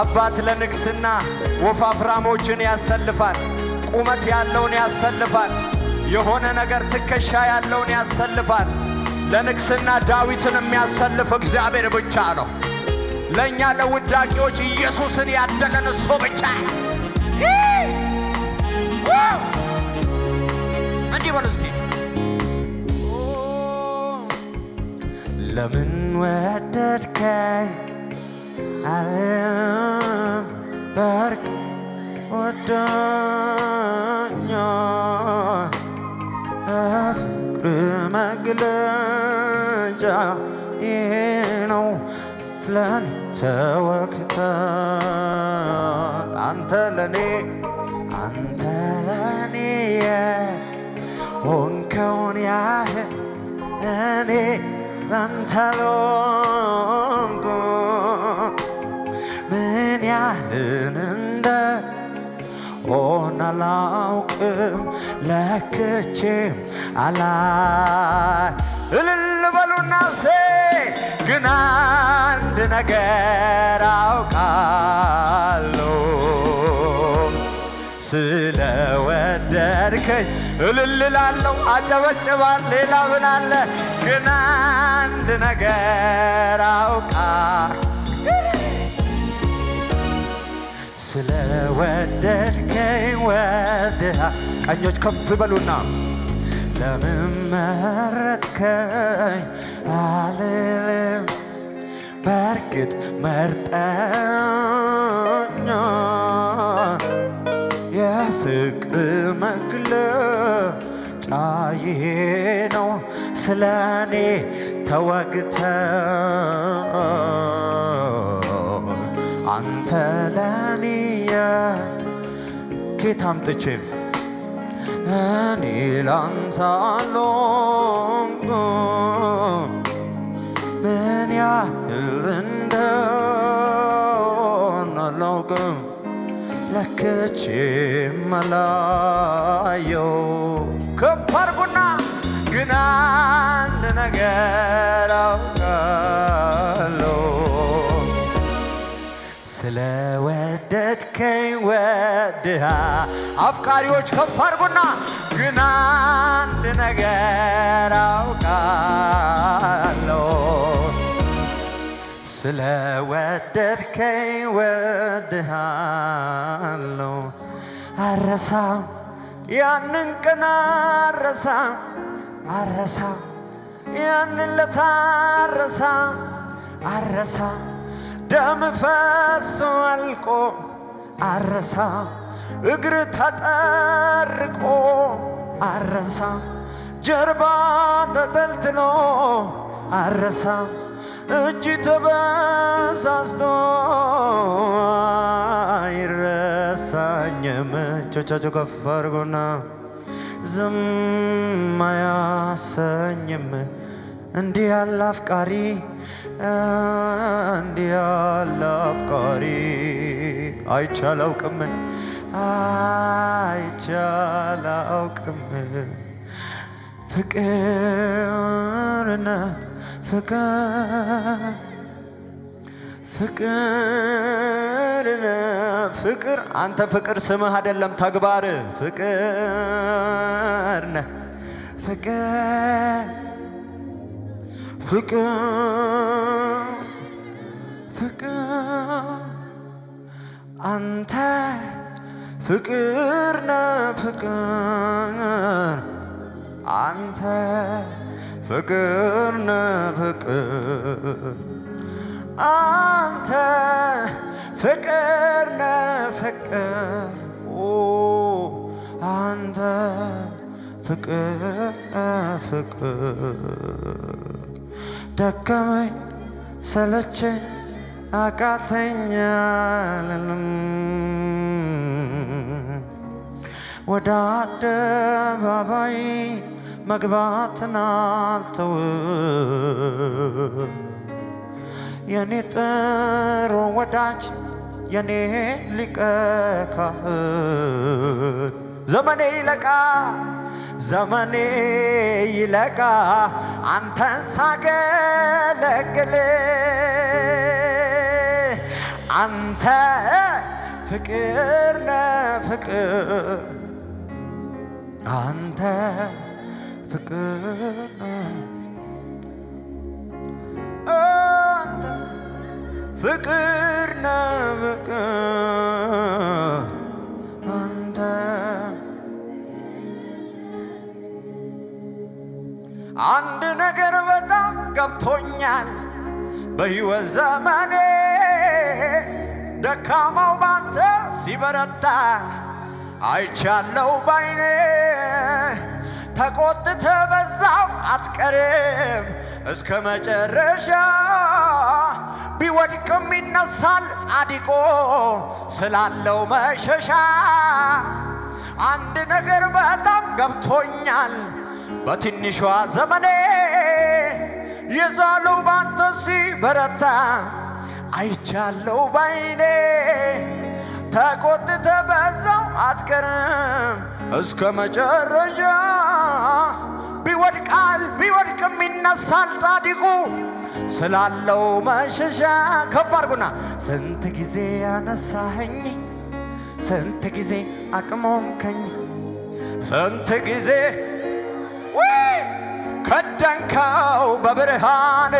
አባት ለንግስና ወፋፍራሞችን ያሰልፋል። ቁመት ያለውን ያሰልፋል። የሆነ ነገር ትከሻ ያለውን ያሰልፋል። ለንግስና ዳዊትን የሚያሰልፍ እግዚአብሔር ብቻ ነው። ለእኛ ለውዳቂዎች ኢየሱስን ያደለን እሱ ብቻ። እንዲህ በሉ እስቲ ለምን ወደድከኝ ይወደኛል ፍቅር መግለጫ ይሄ ነው ስለኔ ተወክተ አንተ ለኔ አንተ ለኔ ሆንከውን ያህል እኔ ላንተ ሎንኩ ምን ያህል እንደ ይሆን አላውቅም ለክቼም አላይ እልል በሉና ሴ ግን አንድ ነገር አውቃለሁ ስለወደድከኝ እልልላለሁ አጨበጭባል ሌላ ምን አለ ግን አንድ ነገር አውቃ ስለወደድከኝ ወድሃ ቀኞች ከፍ በሉና ለምን መረጥከኝ አልልም። በእርግጥ መርጠኛ የፍቅር መግለጫ ነው ስለኔ ተወግተ አንተ ከየት አምጥቼ እኔ ላንተ አልሆንኩም ምን ያህል እንደሆነ አላውቅም። ለክቼ መላየው ከፍ ግን አንድ ነገር አውቃለሁ ስለ ወደድከኝ ወድሃ አፍቃሪዎች ከፍ አድርጉና ግን አንድ ነገር አውቃለሁ ስለ ወደድከኝ ወድሃለሁ አረሳም ያንን ቀን አረሳም አረሳም ያንን ለታረሳም አረሳም ደም ፈሶ አልቆ አረሳ እግር ተጠርቆ አረሳ ጀርባ ተጠልትሎ አረሳ እጅ ተበሳስቶ አይረሳኝም። እጆቻቸው ከፍ አድርጎና ዝም አያሰኝም። እንዲህ ያለ አፍቃሪ እንዲህ ያለ አፍቃሪ አይቻል አውቅም አይቻል አውቅም ፍቅርና ፍቅር ፍቅርና ፍቅር አንተ ፍቅር ስምህ አይደለም ተግባር ፍቅር ነህ ፍቅር ፍቅር ፍቅር አንተ ፍቅር ነህ ፍቅር አንተ ፍቅር ነህ ፍቅር አንተ ፍቅር ነህ ፍቅር አንተ ፍቅር ፍቅር ደከመኝ ሰለቸኝ አቃተኛ አልልም ወደ አደባባይ መግባትን አልተውም። የኔ ጥሩ ወዳጅ የኔ ሊቀ ካህን ዘመኔ ይለቃ ዘመኔ ይለቃ አንተን ሳገለግል አንተ ፍቅር ፍቅር አንተ ፍቅር ፍቅር አንድ ነገር በጣም ገብቶኛል በሕይወት ዘመኔ ደካማው ባንተ ሲበረታ አይቻለው ባይኔ ተቆጥተ በዛው አትቀርም እስከ መጨረሻ ቢወድቅም ይነሳል ጻድቆ ስላለው መሸሻ አንድ ነገር በጣም ገብቶኛል በትንሿ ዘመኔ የዛለው ባንተ ሲበረታ አይቻለው ባይኔ ተቆጥተ በዛው አትቀርም እስከ መጨረሻ ቢወድቃል ቢወድቅም ይነሳል ጻድቁ ስላለው መሸሻ ከፍ አድርጉና ስንት ጊዜ ያነሳኸኝ ስንት ጊዜ አቅሞምከኝ ስንት ጊዜ ከደንከው በብርሃን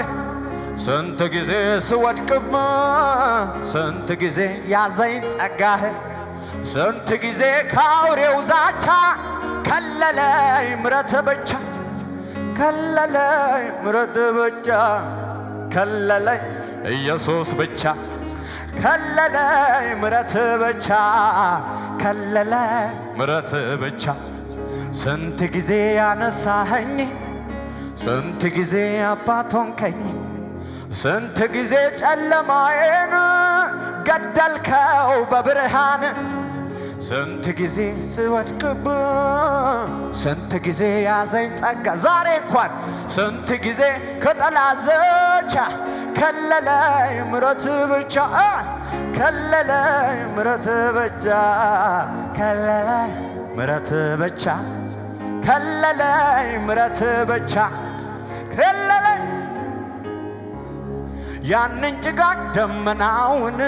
ስንት ጊዜ ስወድቅም ስንት ጊዜ ያዘኝ ጸጋህ ስንት ጊዜ ካውሬው ዛቻ ከለለይ ምረት ብቻ ከለለይ ምረት ብቻ ከለለይ ኢየሱስ ብቻ ከለለይ ምረት ብቻ ከለለይ ምረት ብቻ ስንት ጊዜ ያነሳኸኝ ስንት ጊዜ አባት ሆንከኝ፣ ስንት ጊዜ ጨለማዬን ገደልከው በብርሃን ስንት ጊዜ ስወድቅብ ስንት ጊዜ ያዘኝ ጸጋ ዛሬ እንኳን ስንት ጊዜ ከጠላ ዘቻ ከለለይ ምረት ብቻ ከለለይ ምረት ብቻ ከለለይ ምረት ብቻ ከለለይ ምረት ብቻ ከለለይ ያንን ጭጋግ ደመናውን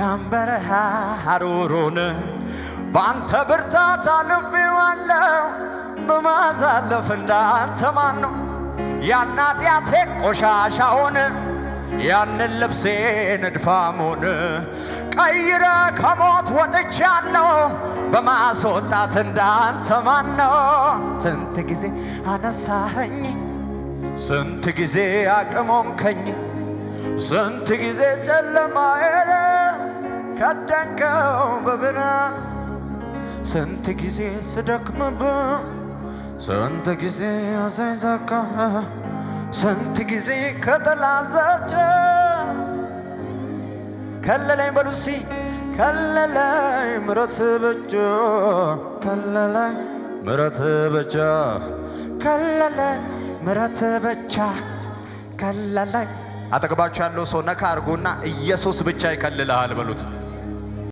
ያን በረሃ ባንተ በአንተ ብርታት አልፌዋለሁ በማዛለፍ እንዳንተ ማን ነው ቆሻሻውን ያንን ልብሴን እድፋሙን ቀይረ ከሞት ወጥቻለሁ በማስወጣት እንዳንተ ማነው? ስንት ጊዜ አነሳኸኝ፣ ስንት ጊዜ አቅሞንከኝ ስንት ጊዜ ጨለማዬን ከደንከው በብርሃን ስንት ጊዜ ስደክምብ ስንት ጊዜ አዘኝ ዘጋህ ስንት ጊዜ ከተላዛቸ ከለላይ በሉሲ ከለላይ ምረት በጆ ከለላይ ምረት በቻ ከለላይ ምረት በቻ ከለላይ አጠገባችሁ ያለው ሰው ነካ አድርጎና ኢየሱስ ብቻ ይከልልሃል በሉት።